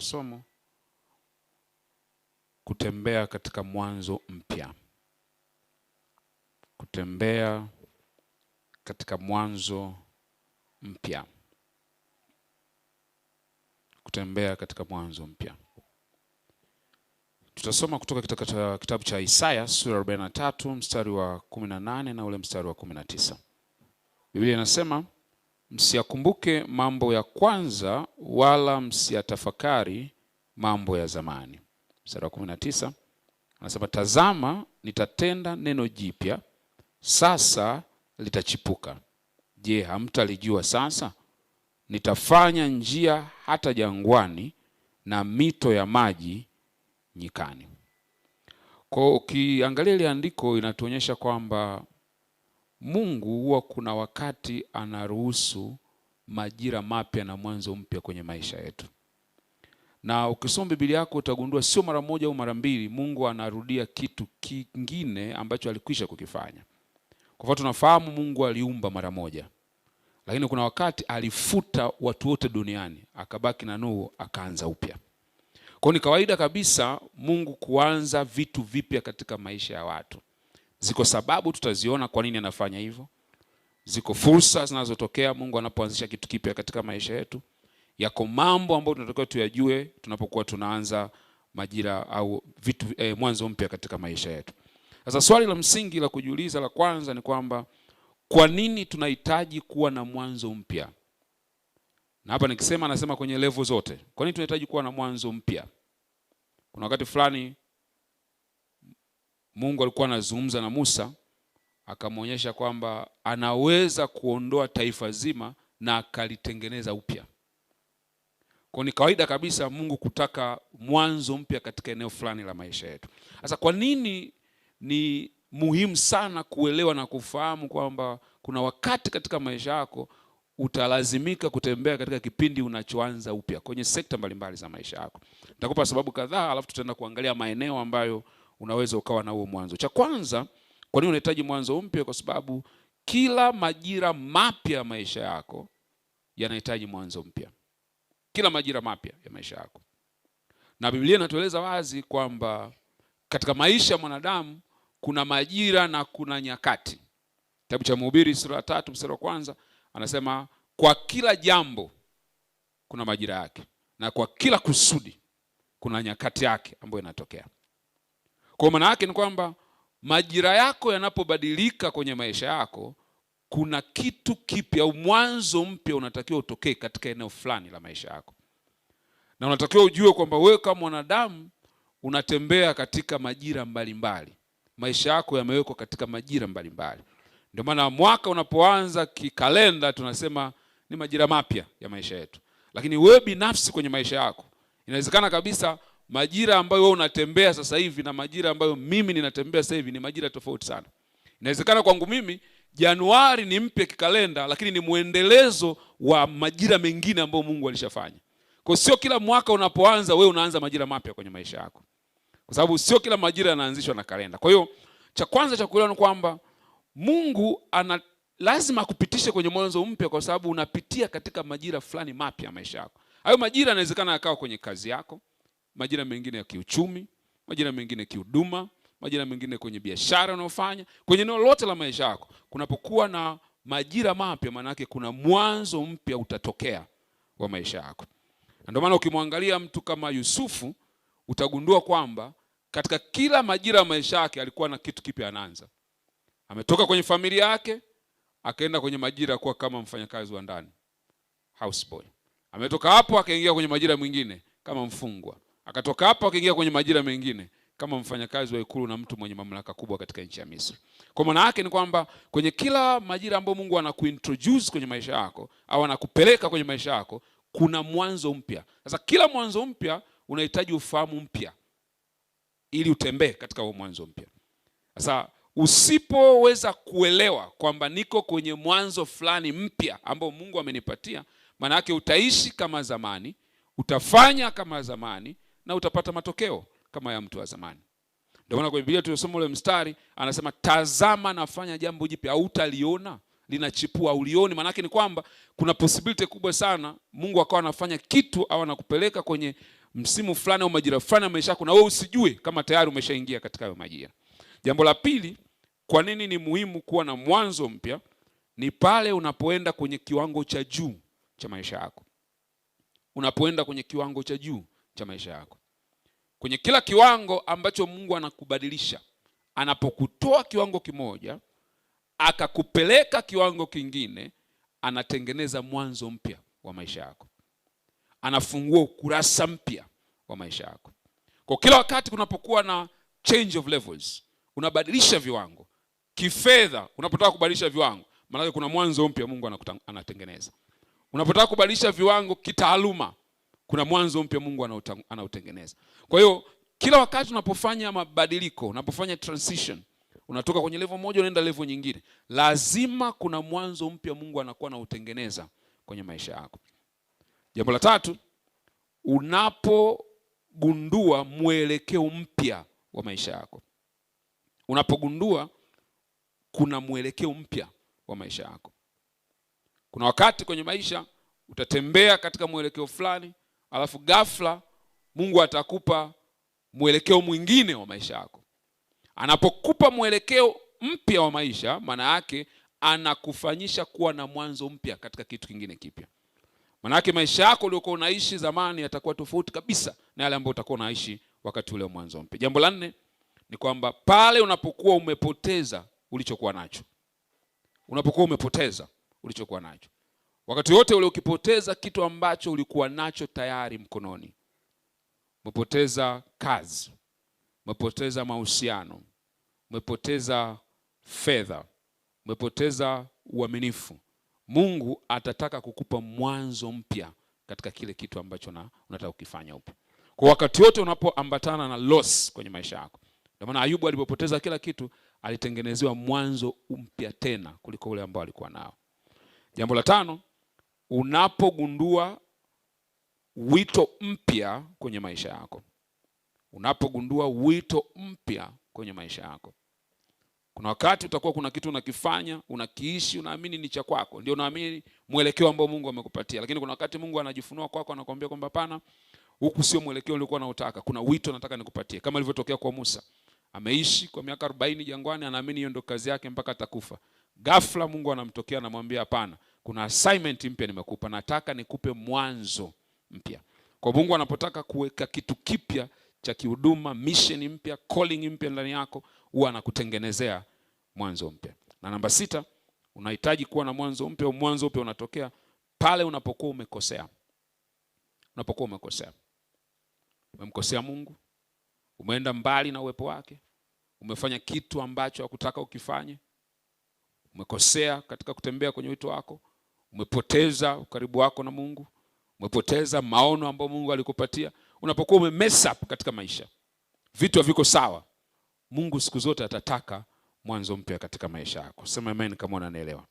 Somo kutembea katika mwanzo mpya, kutembea katika mwanzo mpya, kutembea katika mwanzo mpya. Tutasoma kutoka katika kitabu cha Isaya sura 43 mstari wa 18 na ule mstari wa 19. Biblia inasema msiyakumbuke mambo ya kwanza wala msiyatafakari mambo ya zamani. Mstari wa 19 anasema, tazama nitatenda neno jipya, sasa litachipuka. Je, hamtalijua sasa? Nitafanya njia hata jangwani na mito ya maji nyikani. Kwa ukiangalia ile andiko inatuonyesha kwamba Mungu huwa kuna wakati anaruhusu majira mapya na mwanzo mpya kwenye maisha yetu, na ukisoma Biblia yako utagundua sio mara moja au mara mbili, Mungu anarudia kitu kingine ambacho alikwisha kukifanya. Kwa hivyo tunafahamu Mungu aliumba mara moja, lakini kuna wakati alifuta watu wote duniani, akabaki na Nuhu, akaanza upya. Kwa ni kawaida kabisa Mungu kuanza vitu vipya katika maisha ya watu. Ziko sababu tutaziona kwa nini anafanya hivyo. Ziko fursa zinazotokea Mungu anapoanzisha kitu kipya katika maisha yetu. Yako mambo ambayo tunatakiwa tuyajue tunapokuwa tunaanza majira au vitu eh, mwanzo mpya katika maisha yetu. Sasa swali la msingi la kujiuliza la kwanza ni kwamba kwa nini tunahitaji kuwa na mwanzo mpya? Na hapa nikisema, anasema kwenye levo zote. Kwa nini tunahitaji kuwa na mwanzo mpya? Kuna wakati fulani Mungu alikuwa anazungumza na Musa akamwonyesha kwamba anaweza kuondoa taifa zima na akalitengeneza upya. Kwa ni kawaida kabisa Mungu kutaka mwanzo mpya katika eneo fulani la maisha yetu. Sasa kwa nini ni muhimu sana kuelewa na kufahamu kwamba kuna wakati katika maisha yako utalazimika kutembea katika kipindi unachoanza upya kwenye sekta mbalimbali za maisha yako. Nitakupa sababu kadhaa, alafu tutaenda kuangalia maeneo ambayo unaweza ukawa na huo mwanzo. Cha kwanza, kwa nini unahitaji mwanzo mpya? Kwa sababu kila majira mapya ya maisha yako yanahitaji mwanzo mpya, kila majira mapya ya maisha yako. Na Biblia inatueleza wazi kwamba katika maisha ya mwanadamu kuna majira na kuna nyakati. Kitabu cha Mhubiri sura ya tatu mstari wa kwanza anasema kwa kila jambo kuna majira yake na kwa kila kusudi kuna nyakati yake ambayo inatokea. Kwa maana yake ni kwamba majira yako yanapobadilika kwenye maisha yako, kuna kitu kipya au mwanzo mpya unatakiwa utokee katika eneo fulani la maisha yako, na unatakiwa ujue kwamba wewe kama mwanadamu unatembea katika majira mbalimbali mbali. Maisha yako yamewekwa katika majira mbalimbali, ndio maana mwaka unapoanza kikalenda tunasema ni majira mapya ya maisha yetu, lakini wewe binafsi kwenye maisha yako inawezekana kabisa majira ambayo wewe unatembea sasa hivi na majira ambayo mimi ninatembea sasa hivi ni majira tofauti sana. Inawezekana kwangu mimi Januari ni mpya kikalenda, lakini ni mwendelezo wa majira mengine ambayo Mungu alishafanya. Kwa sio kila mwaka unapoanza wewe unaanza majira mapya kwenye maisha yako, kwa sababu sio kila majira yanaanzishwa na kalenda. Kwa hiyo cha kwanza cha kuelewa ni kwamba Mungu ana lazima akupitishe kwenye mwanzo mpya, kwa sababu unapitia katika majira fulani mapya ya maisha yako. Hayo majira yanawezekana yakawa kwenye kazi yako majira mengine ya kiuchumi, majira mengine kihuduma, majira mengine kwenye biashara unayofanya, kwenye eneo lote la maisha yako. Kunapokuwa na majira mapya, maana yake kuna mwanzo mpya utatokea wa maisha yako. Na Ndio maana ukimwangalia mtu kama Yusufu utagundua kwamba katika kila majira ya maisha yake alikuwa na kitu kipya anaanza. Ametoka kwenye familia yake akaenda kwenye majira kuwa kama mfanyakazi wa ndani houseboy. Ametoka hapo akaingia kwenye majira mwingine kama mfungwa. Akatoka hapo akaingia kwenye majira mengine kama mfanyakazi wa ikulu na mtu mwenye mamlaka kubwa katika nchi ya Misri. Kwa maana yake ni kwamba kwenye kila majira ambayo Mungu anakuintroduce kwenye maisha yako au anakupeleka kwenye maisha yako kuna mwanzo mpya. Sasa kila mwanzo mpya unahitaji ufahamu mpya ili utembee katika huo mwanzo mpya. Sasa usipoweza kuelewa kwamba niko kwenye mwanzo fulani mpya ambao Mungu amenipatia, maana yake utaishi kama zamani, utafanya kama zamani na utapata matokeo kama ya mtu wa zamani. Ndio maana kwa Biblia tuliosoma ule mstari anasema, tazama nafanya jambo jipya, hautaliona linachipua, ulioni. Maanake ni kwamba kuna possibility kubwa sana Mungu akawa anafanya kitu au anakupeleka kwenye msimu fulani au majira fulani maisha yako na wewe usijue kama tayari umeshaingia katika hayo majira. Jambo la pili, kwa nini ni muhimu kuwa na mwanzo mpya? Ni pale unapoenda kwenye kiwango cha juu cha maisha yako, unapoenda kwenye kiwango cha juu cha maisha yako, kwenye kila kiwango ambacho Mungu anakubadilisha. Anapokutoa kiwango kimoja akakupeleka kiwango kingine, anatengeneza mwanzo mpya wa maisha yako, anafungua ukurasa mpya wa maisha yako. Kwa kila wakati kunapokuwa na change of levels, unabadilisha viwango kifedha. Unapotaka kubadilisha viwango, maanake kuna mwanzo mpya Mungu anatengeneza. Unapotaka kubadilisha viwango kitaaluma kuna mwanzo mpya Mungu anautengeneza. Kwa hiyo kila wakati unapofanya mabadiliko, unapofanya transition, unatoka kwenye level moja unaenda level nyingine, lazima kuna mwanzo mpya Mungu anakuwa anautengeneza kwenye maisha yako. Jambo la tatu, unapogundua mwelekeo mpya wa maisha yako, unapogundua kuna mwelekeo mpya wa maisha yako. Kuna wakati kwenye maisha utatembea katika mwelekeo fulani alafu ghafla Mungu atakupa mwelekeo mwingine wa maisha yako. Anapokupa mwelekeo mpya wa maisha, maana yake anakufanyisha kuwa na mwanzo mpya katika kitu kingine kipya. Maana yake maisha yako uliokuwa unaishi zamani yatakuwa tofauti kabisa na yale ambayo utakuwa unaishi wakati ule wa mwanzo mpya. Jambo la nne ni kwamba pale unapokuwa umepoteza ulichokuwa nacho, unapokuwa umepoteza ulichokuwa nacho, Wakati wote ule ukipoteza kitu ambacho ulikuwa nacho tayari mkononi, umepoteza kazi, umepoteza mahusiano, umepoteza fedha, umepoteza uaminifu, Mungu atataka kukupa mwanzo mpya katika kile kitu ambacho unataka kukifanya upya. Kwa wakati wote unapoambatana na loss kwenye maisha yako, ndio maana Ayubu alipopoteza kila kitu alitengenezewa mwanzo mpya tena kuliko ule ambao alikuwa nao. Jambo la tano unapogundua wito mpya kwenye maisha yako, unapogundua wito mpya kwenye maisha yako. Kuna wakati utakuwa kuna kitu unakifanya, unakiishi, unaamini ni cha kwako, ndio unaamini mwelekeo ambao Mungu amekupatia, lakini kuna wakati Mungu anajifunua kwako, anakuambia kwamba hapana, huku sio mwelekeo uliokuwa unaotaka, kuna wito nataka nikupatie, kama ilivyotokea kwa Musa. Ameishi kwa miaka 40 jangwani, anaamini hiyo ndio kazi yake mpaka atakufa. Ghafla Mungu anamtokea, anamwambia hapana kuna assignment mpya nimekupa, nataka nikupe mwanzo mpya. Kwa Mungu anapotaka kuweka kitu kipya cha kihuduma, mission mpya, calling mpya ndani yako, huwa anakutengenezea mwanzo mpya. Na namba sita, unahitaji kuwa na mwanzo mpya. Mwanzo mpya unatokea pale unapokuwa umekosea, unapokuwa umekosea, umemkosea Mungu, umeenda mbali na uwepo wake, umefanya kitu ambacho hakutaka ukifanye, umekosea katika kutembea kwenye wito wako umepoteza ukaribu wako na Mungu, umepoteza maono ambayo Mungu alikupatia. Unapokuwa ume mess up katika maisha, vitu haviko sawa, Mungu siku zote atataka mwanzo mpya katika maisha yako. Sema amen kama unanielewa.